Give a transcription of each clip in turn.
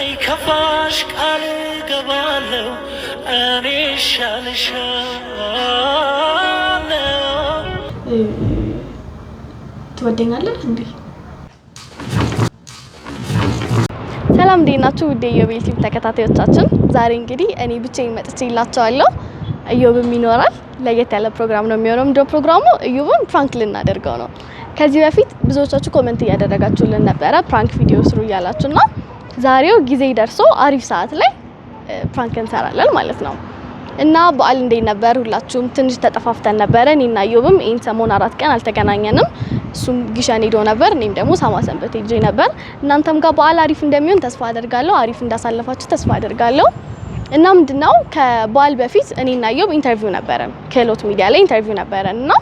ሳይከፋሽ ቃል ገባለው እኔ ሻልሻለው። ትወደኛለህ እንዴ? ሰላም እንዴት ናችሁ? ውዴ ኢዮብ ዩቲዩብ ተከታታዮቻችን፣ ዛሬ እንግዲህ እኔ ብቻዬን ይላቸዋለሁ። ኢዮብም ይኖራል። ለየት ያለ ፕሮግራም ነው የሚሆነው። ምንድነው ፕሮግራሙ? ኢዮብን ፕራንክ ልናደርገው ነው። ከዚህ በፊት ብዙዎቻችሁ ኮመንት እያደረጋችሁልን ነበረ ፕራንክ ቪዲዮ ስሩ እያላችሁ ና ዛሬው ጊዜ ደርሶ አሪፍ ሰዓት ላይ ፕራንክ እንሰራለን ማለት ነው። እና በዓል እንዴት ነበር? ሁላችሁም ትንሽ ተጠፋፍተን ነበረ። እኔና ዮብም ይህን ሰሞን አራት ቀን አልተገናኘንም። እሱም ግሸን ሄዶ ነበር፣ እኔም ደግሞ ሳማ ሰንበት ሄጄ ነበር። እናንተም ጋር በዓል አሪፍ እንደሚሆን ተስፋ አደርጋለሁ። አሪፍ እንዳሳለፋችሁ ተስፋ አደርጋለሁ። እና ምንድነው ከበዓል በፊት እኔና ዮብ ኢንተርቪው ነበረን፣ ክህሎት ሚዲያ ላይ ኢንተርቪው ነበረን እና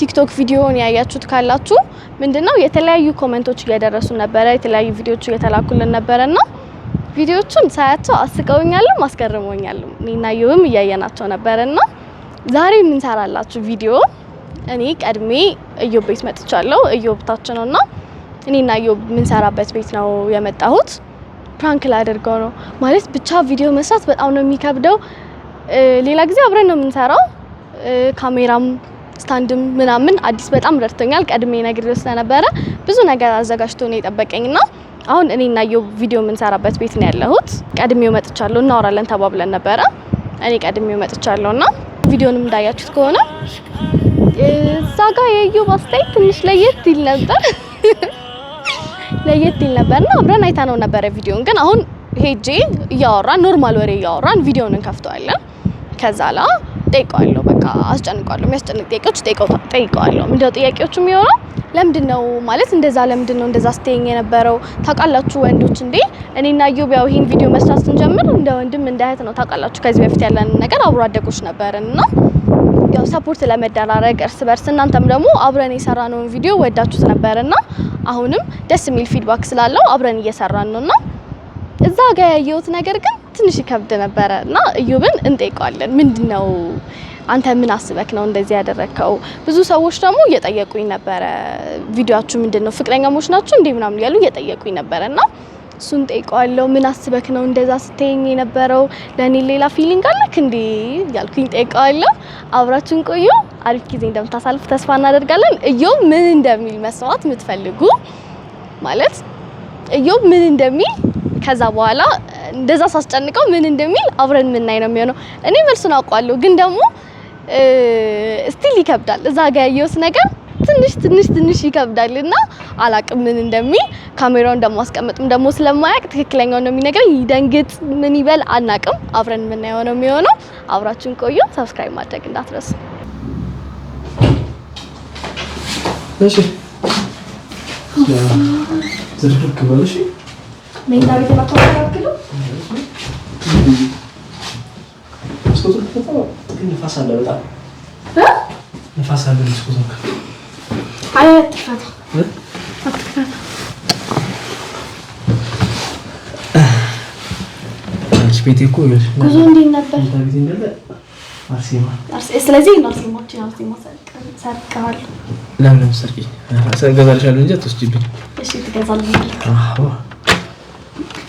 ቲክቶክ ቪዲዮን ያያችሁት ካላችሁ ምንድነው የተለያዩ ኮመንቶች እየደረሱ ነበረ፣ የተለያዩ ቪዲዮዎች እየተላኩልን ነበረ እና ቪዲዮቹን ሳያቸው አስቀውኛልም አስገርሞኛልም። እኔና ዩም እያየናቸው እና ዛሬ የምንሰራላችሁ ቪዲዮ እኔ ቀድሜ እዮብ ቤት መጥቻለሁ። እዮብ ነው ነውና እኔና እዮብ የምንሰራበት ቤት ነው የመጣሁት። ፕራንክ ላደርገው ነው ማለት ብቻ ቪዲዮ መስራት በጣም ነው የሚከብደው። ሌላ ጊዜ አብረን ነው የምንሰራው ካሜራም ስታንድም ምናምን አዲስ በጣም ረድቶኛል። ቀድሜ ነግሬው ስለነበረ ብዙ ነገር አዘጋጅቶ ነው የጠበቀኝ ና አሁን እኔ እና ዮብ ቪዲዮ የምንሰራበት ቤት ነው ያለሁት። ቀድሜው መጥቻለሁ፣ እናወራለን ተባብለን ነበረ። እኔ ቀድሜው መጥቻለሁ እና ቪዲዮንም እንዳያችሁት ከሆነ እዛ ጋር የዮብ አስተያየት ትንሽ ለየት ይል ነበር፣ ለየት ይል ነበር እና አብረን አይታ ነው ነበረ ቪዲዮን። ግን አሁን ሄጄ እያወራን ኖርማል ወሬ እያወራን ቪዲዮን እንከፍተዋለን ከዛ ላ ጠይቀዋለሁ በቃ አስጨንቀዋለሁ። የሚያስጨንቅ ጥያቄዎች እጠይቀዋለሁ። ምንድን ነው ጥያቄዎች የሚሆነው ለምንድን ነው ማለት እንደዛ ለምንድን ነው እንደዛ ስትይኝ የነበረው ታውቃላችሁ ወንዶች እንዴ እኔና ዮብ ያው ይሄን ቪዲዮ መስራት ስንጀምር እንደ ወንድም እንደ እህት ነው ታውቃላችሁ ከዚህ በፊት ያለንን ነገር አብሮ አደጎች ነበርን እና ያው ሰፖርት ለመደራረግ እርስ በርስ እናንተም ደግሞ አብረን የሰራነውን ቪዲዮ ወዳችሁት ነበርና አሁንም ደስ የሚል ፊድባክ ስላለው አብረን እየሰራን እና እዛ ጋር ያየሁት ነገር ግን ትንሽ ይከብድ ነበረ እና እዩብን እንጠይቀዋለን። ምንድን ነው አንተ ምን አስበክ ነው እንደዚህ ያደረግከው? ብዙ ሰዎች ደግሞ እየጠየቁኝ ነበረ፣ ቪዲዮችሁ ምንድን ነው ፍቅረኛሞች ናችሁ እንዴ ምናምን እያሉ እየጠየቁኝ ነበረ እና እሱን ጠይቀዋለሁ። ምን አስበክ ነው እንደዛ ስትኝ የነበረው? ለእኔ ሌላ ፊሊንግ አለክ እንዴ እያልኩኝ ጠይቀዋለሁ። አብራችሁን ቆዩ። አሪፍ ጊዜ እንደምታሳልፍ ተስፋ እናደርጋለን። እዮ ምን እንደሚል መስማት የምትፈልጉ ማለት እዮ ምን እንደሚል ከዛ በኋላ እንደዛ ሳስጨንቀው ምን እንደሚል አብረን የምናይ ነው የሚሆነው። እኔ መልሱን አውቀዋለሁ፣ ግን ደግሞ ስቲል ይከብዳል። እዛ ጋር ያየሁት ነገር ትንሽ ትንሽ ትንሽ ይከብዳል እና አላቅም ምን እንደሚል ካሜራውን አስቀምጥም ደግሞ ስለማያቅ ትክክለኛው ነው የሚነግረኝ። ይደንግጥ ምን ይበል አናቅም። አብረን የምናየው ነው የሚሆነው። አብራችን ቆዩ። ሰብስክራይብ ማድረግ እንዳትረሱ። እሺ መኝታ ቤት የማታስተካክለው ንፋስ አለ በጣም ንፋስ አለ። መስኮቱን አይ አትክፈተው፣ ቤቴ እኮ ጉዞ እንዴት ነበር? ስለዚህ ሰርቀዋል። ለምን እንጂ አትወስጂብኝ። እሺ ትገዛልኛለህ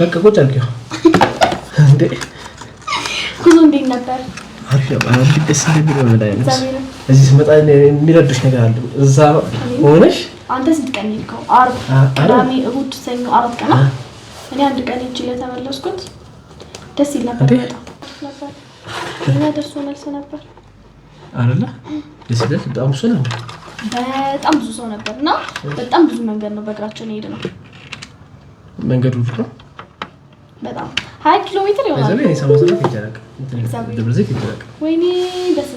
በቃ ቁጭ አድርጊው። እንዴ ጉዞ እንዴት ነበር? አሪፍ ነበር። ደስ እዚህ ስመጣ የሚረዱሽ ነገር አለ። እዛ ሆነሽ አንተ ስንት ቀን ሄድከው? ዓርብ፣ ቅዳሜ፣ እሑድ፣ ሰኞ አራት ቀን። እኔ አንድ ቀን ሄጄ ለተመለስኩት ደስ ይል ነበር። በጣም እና ደርሶ መልስ ነበር አይደለ? ደስ ይላል። በጣም ብዙ ነበር። በጣም ብዙ ሰው ነበር እና በጣም ብዙ መንገድ ነው በእግራችን ሄድ ነው መንገዱ ነው በጣም ሀያ ኪሎ ሜትር ይሆናል። ወይኔ ደስ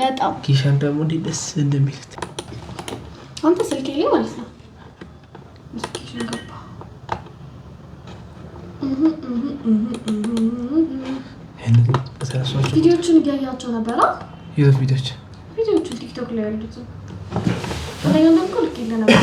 በጣም ኪሻን ደግሞ እንዴት ደስ እንደሚል አንተ ስልክ ላይ ማለት ነው ቪዲዮቹን እያያቸው ነበረ። የት ቪዲዮች ቪዲዮቹ ቲክቶክ ላይ ያሉት እንደኛ ልክ ነበር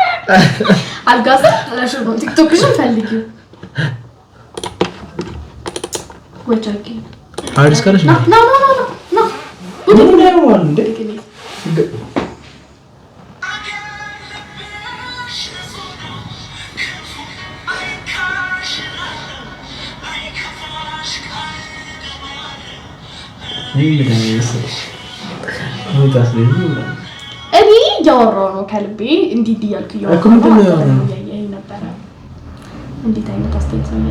على القصب ولا شو تيك توك شو مفلكي وجهكي عارف كده لا لا لا لا لا لا لا لا Ne bileyim neyse. Bu tasvir mi var? Evi yavru. ከልቤ እንዲህ እንዲህ እያልክ እያወያየኸኝ ነበረ። እንዴት አይነት አስተያየት ነው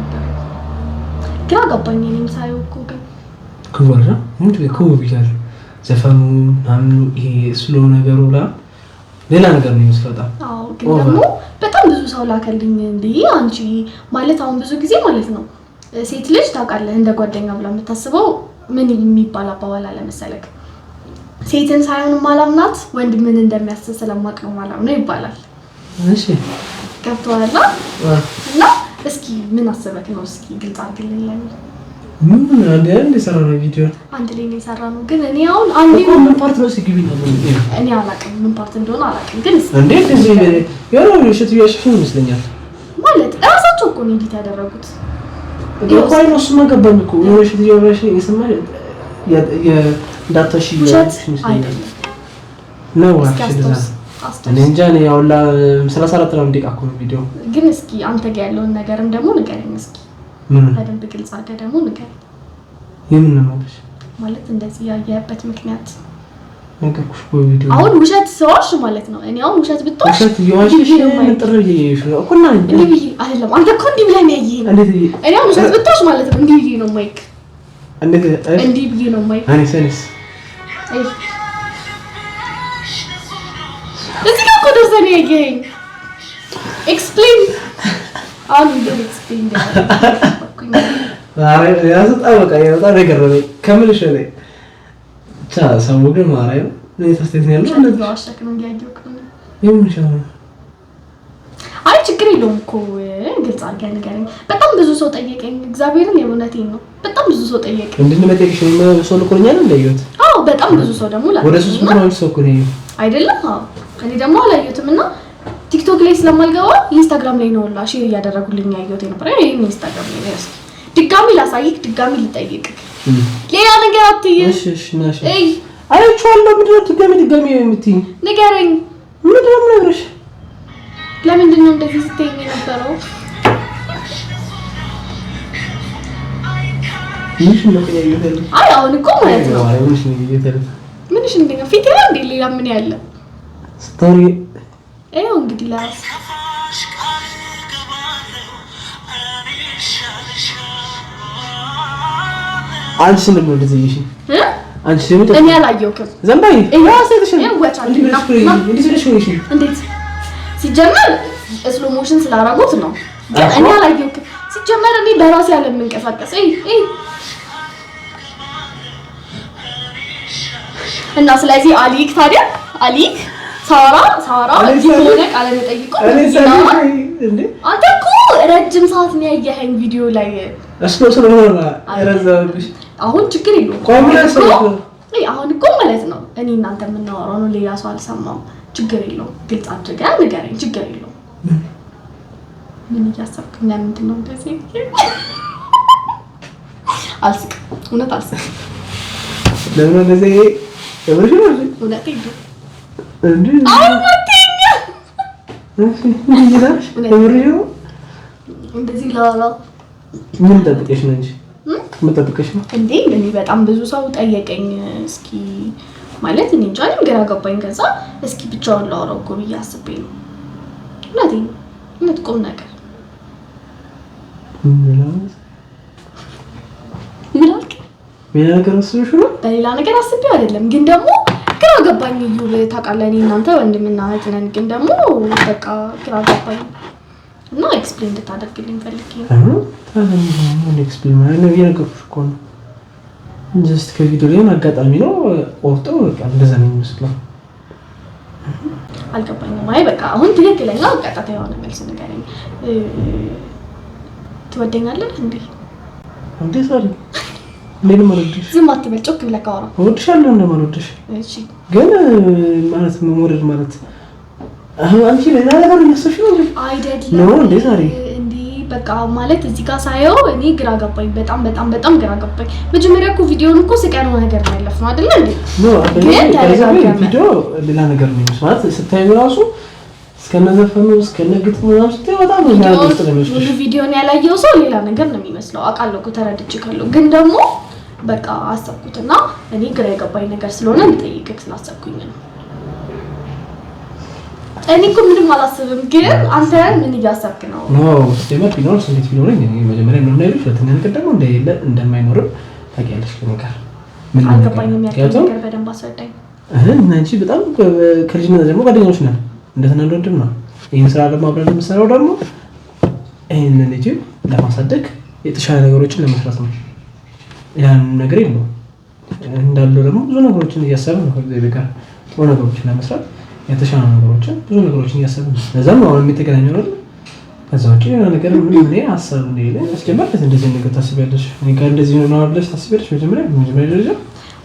ነበረ? ግራ ገባኝ። እኔም ሳየው እኮ ግን ዘፈኑ ምናምኑ ይሄ ስሎ ነገሩ ላ ሌላ ነገር ነው የሚመስለው። በጣም ግን ደግሞ በጣም ብዙ ሰው ላከልኝ እንዴ አንቺ ማለት አሁን ብዙ ጊዜ ማለት ነው ሴት ልጅ ታውቃለህ፣ እንደ ጓደኛ ብላ የምታስበው ምን የሚባል አባባል አለመሰለክ ሴትን ሳይሆን ማላምናት ወንድ ምን እንደሚያስብ ስለማቅ ነው ማላምነው ይባላል። እሺ ገብቶሃል? እና እስኪ ምን አስበክ ነው? እስኪ ግልጽ አድርግልኝ። አንድ ላይ ነው የሰራነው ቪዲዮ አንድ ላይ ነው የሰራነው። ግን እኔ አሁን አንዴ ነው ምን ፓርት ነው ሲግቢ ነው እኔ አላውቅም፣ ምን ፓርት እንደሆነ አላውቅም። ግን እንዴ እዚህ የሆነ ውሸት ቢያሸፍን ይመስለኛል። ማለት እራሳቸው እኮ ነው እንዴት ያደረጉት እኮ አይኖ እሱማ ገባኝ እኮ የሆነ ውሸት እያወራሽ የሰማሽ እንዳታሽ ነው ሰላሳ አራት ነው ቪዲዮ። ግን እስኪ አንተ ጋር ያለውን ነገርም ደግሞ ንገረኝ እስኪ በደንብ ግልጽ አድርገህ ደግሞ ንገረኝ። የምን ነው ማለት እንደዚህ ያየህበት ምክንያት ነገርኩሽ እኮ ቪዲዮ። አሁን ውሸት ሰዎች ማለት ነው። እኔ አሁን ውሸት ብትሆን ውሸት የዋሽሽ ነው ማለት ነው እንዲህ ነው ማይክ እንዴት እንዲህ ብዬ ነው ማይ አኔ ሰንስ እዚህ ጋር እኮ ደርሰህ ነው ያየኸኝ። ኤክስፕሌን አሁን እንደው ኤክስፕሌን ኧረ ያዝ በጣም በቃ በጣም ነው የገረመኝ ከምልሽ በላይ ብቻ ሰው ግን ማርያም ነው የተስተት ያለው ነው አሻክ ነው ያየው ነው የምንሻው አይ ችግር የለውም እኮ ግልጽ አድርገህ ንገረኝ። በጣም ብዙ ሰው ጠየቀኝ። እግዚአብሔርን የእውነቴን ነው። በጣም ብዙ ሰው ጠየቀኝ። ነው ሰው ልኮኛ ነው እንዳየሁት። አዎ በጣም ብዙ ሰው ደግሞ ወደ ሶስት ምናምን ሰው እኮ ነው አይደለም። አዎ እኔ ደግሞ አላየሁትም እና ቲክቶክ ላይ ስለማልገባ ኢንስታግራም ላይ ነው ላ ሼር እያደረጉልኝ ያየሁት የነበረ። ይህም ኢንስታግራም ላይ ነው። ድጋሚ ላሳይክ፣ ድጋሚ ልጠይቅ። ሌላ ነገር አትይሽ። አይ አይቼዋለሁ። ምንድን ነው ድጋሚ ድጋሚ የምትይኝ? ንገረኝ። ምንድን ነው የምነግርሽ ለምንድን ነው እንደዚህ ስትይኝ የነበረው? አይ አሁን እኮ ማለት ነው ምንሽ ፊት ላይ እንደ ሌላ ምን ያለ ስቶሪ ይኸው እንግዲህ ለራስ አንቺ ነው እንደዚህ ይሽ አንቺ ነው እኔ አላየሁም። ዘንባይ ይሄ ሲጀመር ስሎ ሞሽን ስላደረጉት ነው እኔ አላየሁትም። ሲጀመር እኔ በራሴ ያለም እንቀሳቀስ እና ስለዚህ አሊክ ታዲያ አሊክ ሳራ ሳራ ሆነ ስለሆነ ቃለ መጠይቁ አንተ እኮ ረጅም ሰዓት ነው ያየኸኝ ቪዲዮ ላይ እሱ ስለሆነ ረዘብሽ። አሁን ችግር የለውም። አሁን እኮ ማለት ነው እኔ እናንተ የምናወራው ነው፣ ሌላ ሰው አልሰማም። ችግር የለውም። ግልጽ አድርገህ ንገረኝ፣ ችግር የለውም። ምን እያሰብክ ለምንድን ነው እንደዚህ? አልስቅ፣ እውነት አልስቅም። ለምን እንደዚህ እንደዚህ ለዋላ ምን ጠብቀሽ ነው እንጂ ምን ጠብቀሽ ነው እንዴ? እኔ በጣም ብዙ ሰው ጠየቀኝ። እስኪ ማለት እኔ እንጃ እኔም ግራ ገባኝ። ከዛ እስኪ ብቻውን ላወራው እኮ ብዬ አስቤ ነው። እውነቴን ነው። እውነት ቁም ነገር ምን በሌላ ነገር አስቤው አይደለም፣ ግን ደግሞ ግራ ገባኝ። እዩ ታውቃለህ፣ እናንተ ወንድምና እህት ነን፣ ግን ደግሞ በቃ ግራ ገባኝ እና ኤክስፕሌን እንድታደርግልኝ ፈልጌ ነው። ጀስት ከቪዲዮ ላይ አጋጣሚ ነው ቆርጦ በቃ እንደዛ ነው የሚመስለው። አልገባኝም። አይ በቃ አሁን ትክክለኛ ቀጥታ የሆነ መልስ ንገረኝ። ትወደኛለህ እንዴ? እንዴ ዛሬ ምን ማለት ዝም አትበል፣ ጮክ ብለህ ካወራ እወድሻለሁ እንደማልወድሽ። እሺ ግን ማለት መውደድ ማለት አንቺ ሌላ ነገር እያሰብሽ ነው አይደለም ነው እንዴ ዛሬ በቃ ማለት እዚህ ጋር ሳየው እኔ ግራ ገባኝ። በጣም በጣም በጣም ግራ ገባኝ። መጀመሪያ እኮ ቪዲዮውን እኮ ስቀን ነገር ነው ያለፍነው አይደለ እንዴ? ቪዲዮ ሌላ ነገር ነው መስማት ስታዩ ራሱ እስከነዘፈኑ እስከነግጥሙ ምናምን ስታዩ በጣም ነው ሙሉ ቪዲዮን ያላየው ሰው ሌላ ነገር ነው የሚመስለው። አውቃለሁ እኮ ተረድቼካለሁ። ግን ደግሞ በቃ አሰብኩትና እኔ ግራ የገባኝ ነገር ስለሆነ ልጠይቅህ ስላሰብኩኝ ነው እኔ እኮ ምንም አላስብም፣ ግን አንተ ምን እያሰብክ ነው? ኖ ስቴመር ቢኖር ስሜት ቢኖረኝ እኔ መጀመሪያ ምን እንደማይኖርም ታውቂያለሽ። ነገር ምን በጣም ከልጅነት ጀምሮ ጓደኞች ነን፣ እንደተናንዶ ወንድም ነው። ይሄን ስራ ደግሞ አብረን የምንሰራው ደግሞ ይሄንን ልጅ ለማሳደግ የተሻለ ነገሮችን ለመስራት ነው። ያን ነገር የለውም እንዳለው ደግሞ ብዙ ነገሮችን እያሰብን ነው ከዚህ ጋር ጥሩ ነገሮችን ለመስራት የተሻሉ ነገሮችን ብዙ ነገሮችን እያሰብ ነው። ለዛም ነው አሁን የሚተገናኘው ነው። ከዛ ውጭ ሌላ ነገር ምንም እኔ ሀሳብ እንደሌለ አስጀመር እንደዚህ ነገር ታስቢያለሽ? እኔ ጋር እንደዚህ ነው ነው ብለሽ ታስቢያለሽ? መጀመሪያ መጀመሪያ ደረጃ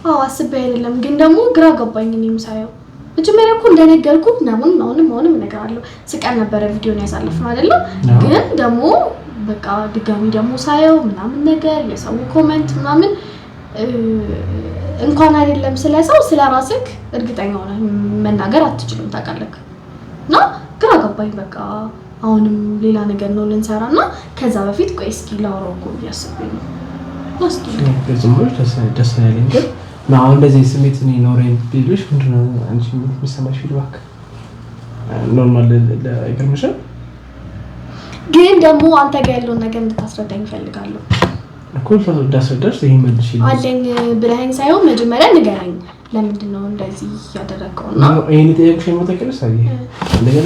አዎ አስቤ አይደለም፣ ግን ደግሞ ግራ ገባኝ። እኔም ሳየው መጀመሪያ እኮ እንደነገርኩ ምናምን አሁንም አሁንም ነገር አለው ስቀን ነበረ ቪዲዮን ያሳለፍነው አይደለም። ግን ደግሞ በቃ ድጋሚ ደግሞ ሳየው ምናምን ነገር የሰው ኮመንት ምናምን እንኳን አይደለም ስለ ሰው ስለ ራስህ እርግጠኛ ሆነ መናገር አትችልም ታውቃለህ። እና ግራ ገባኝ። በቃ አሁንም ሌላ ነገር ነው ልንሰራ እና ከዛ በፊት ቆይ እስኪ ላውራው እኮ እያሰብኩኝ ነው። ደስ ያለኝ ግን አሁን እንደዚህ ስሜት ኖረኝ ቢሉሽ ምንድን አንቺ የሚሰማሽ ፊድባክ? ኖርማል አይገርምሽም? ግን ደግሞ አንተ ጋር ያለውን ነገር እንድታስረዳኝ እፈልጋለሁ። እኮ ሳስረዳሽ ደርስ ይሄ አለኝ ብለኸኝ ሳይሆን መጀመሪያ ንገረኝ። ለምንድን ነው እንደዚህ ያደረገው? እና ይሄን የጠየቅሽኝ መተከለስ አይ ነገር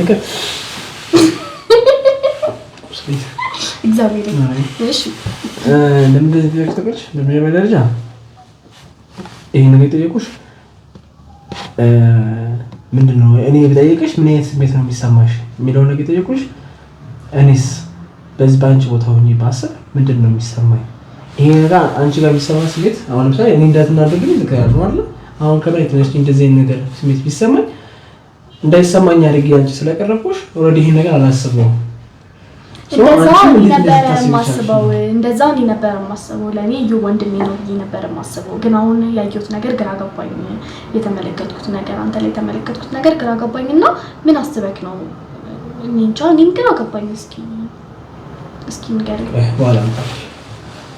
እግዚአብሔር እሺ፣ ለምን እንደዚህ ተከተከሽ? ደረጃ ይሄን የጠየቁሽ። ምንድን ነው እኔ ብጠየቅሽ ምን አይነት ስሜት ነው የሚሰማሽ የሚለው ነገር የጠየቁሽ። እኔስ በዚህ በአንቺ ቦታ ሆኜ ባስብ ምንድን ነው የሚሰማኝ ይሄ ነገር አንቺ ጋር ቢሰማ ስሜት አሁን ለምሳሌ እኔ እንዳትናደግ ልከያሉ አለ አሁን ከላይ ትንሽ እንደዚህ ነገር ስሜት ቢሰማኝ እንዳይሰማኝ አድርጌ አንቺ ስለቀረብኩሽ ኦልሬዲ ይሄ ነገር አላሰብኩም። እንደዛው ነበረ የማስበው እንደዛው ነበረ የማስበው ለእኔ እዩ ወንድሜ ነው ብዬ ነበረ የማስበው። ግን አሁን ያየሁት ነገር ግራ ገባኝ። የተመለከትኩት ነገር አንተ ላይ የተመለከትኩት ነገር ግራ ገባኝ እና ምን አስበክ ነው? እኔ እንጃ፣ እኔን ግራ ገባኝ። እስኪ እስኪ ንገረኝ።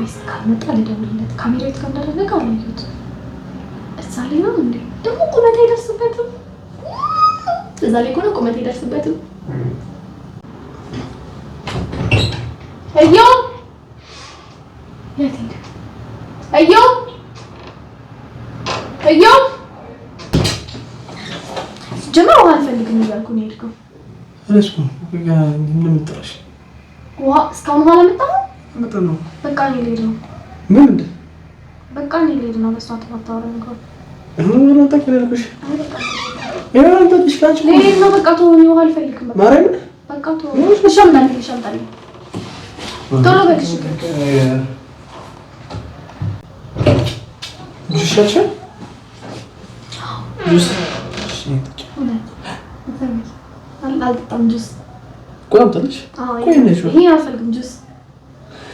ሪኩዌስት ካልመጣ ልደውልለት። ካሜራ የት እንዳደረገ አላየሁት። እዛ ላይ ነው እንዴ? ደግሞ ቁመት አይደርስበትም። እዛ ላይ ከሆነ ቁመት አይደርስበትም እየው መጠጣት ያለብሽ መጠጣትሽ ከአንቺ በቃ ተሆን ውሃ አልፈልግም። ማርያምን በቃ ቶሎ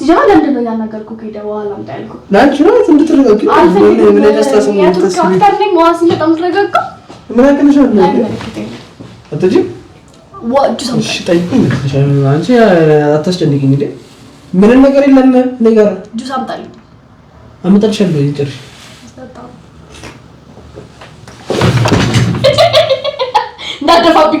ትጀማ ለምንድን ነው ከሄደ በኋላ ምንም ነገር የለም። ነገር ጁስ አምጣልኝ። አመጣልሻለሁ። ይጨርሽ እንዳደፋብኝ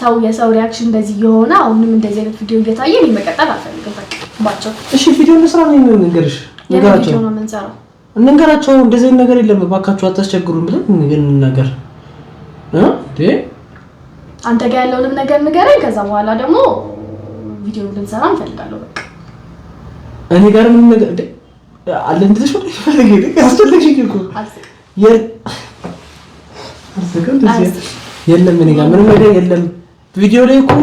ሰው የሰው ሪያክሽን እንደዚህ የሆነ አሁንም እንደዚህ አይነት ቪዲዮ እየታየ እኔ መቀጠል አልፈልግም። በቃ ባቸው እሺ፣ ቪዲዮ እንስራ ነው የምንነግርሽ። ነገራቸው ነው የምንሰራው፣ እንንገራቸው። እንደዚህ አይነት ነገር የለም እባካችሁ አታስቸግሩን ብለን ነገር አንተ ጋር ያለውንም ነገር ንገረኝ። ከዛ በኋላ ደግሞ ቪዲዮ ልንሰራ እንፈልጋለሁ። በቃ እኔ ጋር ምን ነገር አለ እንትሽ ወደ ፈልግ ይልቅ ያስፈልግሽ ይልቁ የለም እኔ ጋር ምንም ነገር የለም። ቪዲዮ ላይ እኮ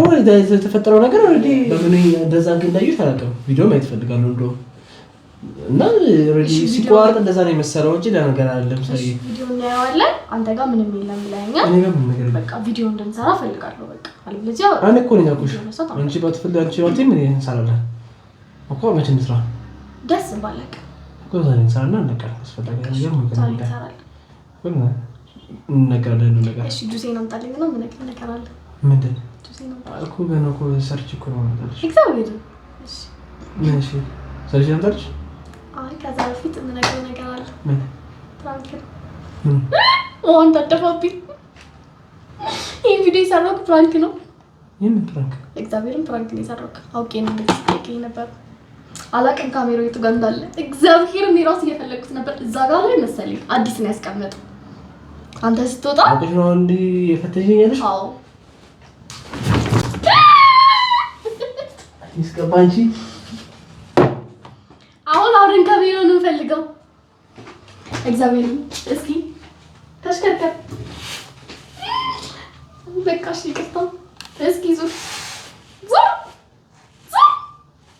የተፈጠረው ነገር ኦልሬዲ በምን እንደዛ እንዳየሁት አላውቅም። ቪዲዮ ማየት እፈልጋለሁ እንዶ እና ኦልሬዲ ሲቋረጥ እንደዛ ነው የመሰለው እንጂ ለነገር አይደለም። ሳይ ቪዲዮ እናየዋለን። አንተ ጋር ምንም የለም ብለኸኛል። እኔ ጋር ምንም ነገር የለም። በቃ ቪዲዮ እንድንሰራ እፈልጋለሁ። በቃ አለበለዚያ እኔ እኮ ነኝ ያልኩሽ። አንቺ ባትፈልጊ አንቺ ባትይ ምን እንሰራለን እኮ መቼ እንስራ? ደስ ባለቀ እኮ ዛሬ እንሰራና እንነጋገር። አስፈላጊ ነገር ምን እንሰራለን? ምን እንነጋገራለን? ነገር እሺ ጁሴን አምጣልኝ ነው ምን ነገር ነገር አለ ምንድን እኮ ገና እኮ ሰርች እኮ ነው ሰርች ከዛ በፊት የምነግርህ ነገር አለ። እንዳደፋብኝ ይህ ቪዲዮ የሰራሁት ፕራንክ ነው። የምን ፕራንክ? እግዚአብሔርን ፕራንክ ነው የሰራሁት። አውቄ ነው ነበር። አላቅም ካሜራው የቱ ጋር እንዳለ። ነበር። እዛ ጋር ላይ መሰለኝ አዲስ ነው ያስቀመጡ። አንተ ስትወጣ ነው እንዲህ የፈተሽኛለሽ? አዎ ይስገባ እንጂ አሁን አውረን ከቢሮ ነው የምፈልገው። እግዚአብሔር እስኪ ተሽከርከር። በቃ እሺ፣ ይቅርታ። እስኪ ዙር ዙር ዙር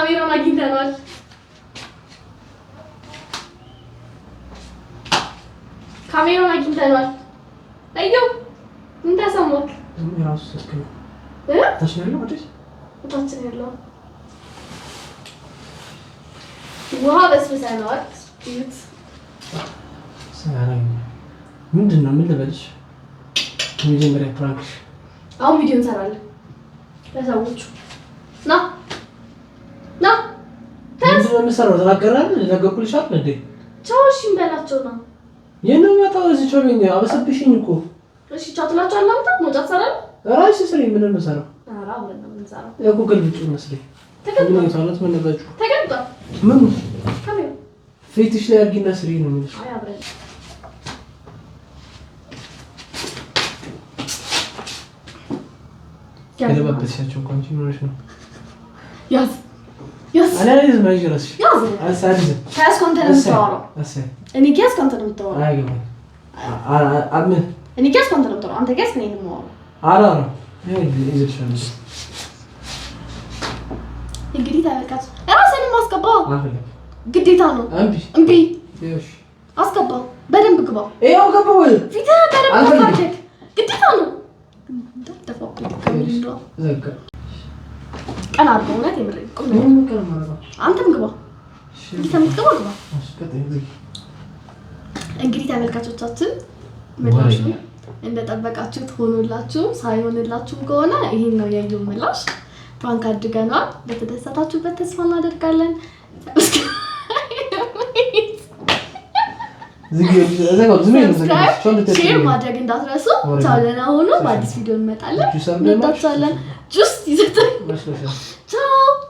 ካሜራውን አግኝተነዋል። ካሜራውን አግኝተነዋል። አየሁ ምን ተሰማክ? እራሱ ስልክ ነው እታች ነው ያለው እታች ነው ያለው። ውሃ በስብሰናዋል። ምንድን ነው ምን ልበልሽ? የመጀመሪያ ፕራንክሽ። አሁን ቪዲዮ እንሰራለን ለሰዎቹ ነው የምሰራው። ተናገራል ለገኩልሽ እንዴ ቻው። እሺ እንበላቸው ነው የነ ወጣው እዚህ ቻው። ምን አበሰብሽኝ እኮ እሺ ቻው ትላቸው አላምጣ መውጫ ሰራል ራሽ ስሪ ምን ነው ሰራው ፊትሽ ላይ አርጊና ስሪ ነው የምልሽ። ያዝ ግዴታ ነው። እምቢ አስገባ። በደንብ ግባ። ይኸው ገባ። ወይ ፊትህ በደንብ ግዴታ ነው። ቀን አድርጎ እውነት የምር አንተም ግባ ከምትገባ ግባ። እንግዲህ ተመልካቾቻችን ምላሹ እንደጠበቃችሁት ሆኖላችሁ ሳይሆንላችሁም ከሆነ ይህን ነው ያየው ምላሽ። ፕራንክ አድርገናል። በተደሰታችሁበት ተስፋ እናደርጋለን። ማድረግ እንዳትረሱ። ቻለን ሆኖ በአዲስ ቪዲዮ እንመጣለን። እንወዳችኋለን። Just, il était... Ciao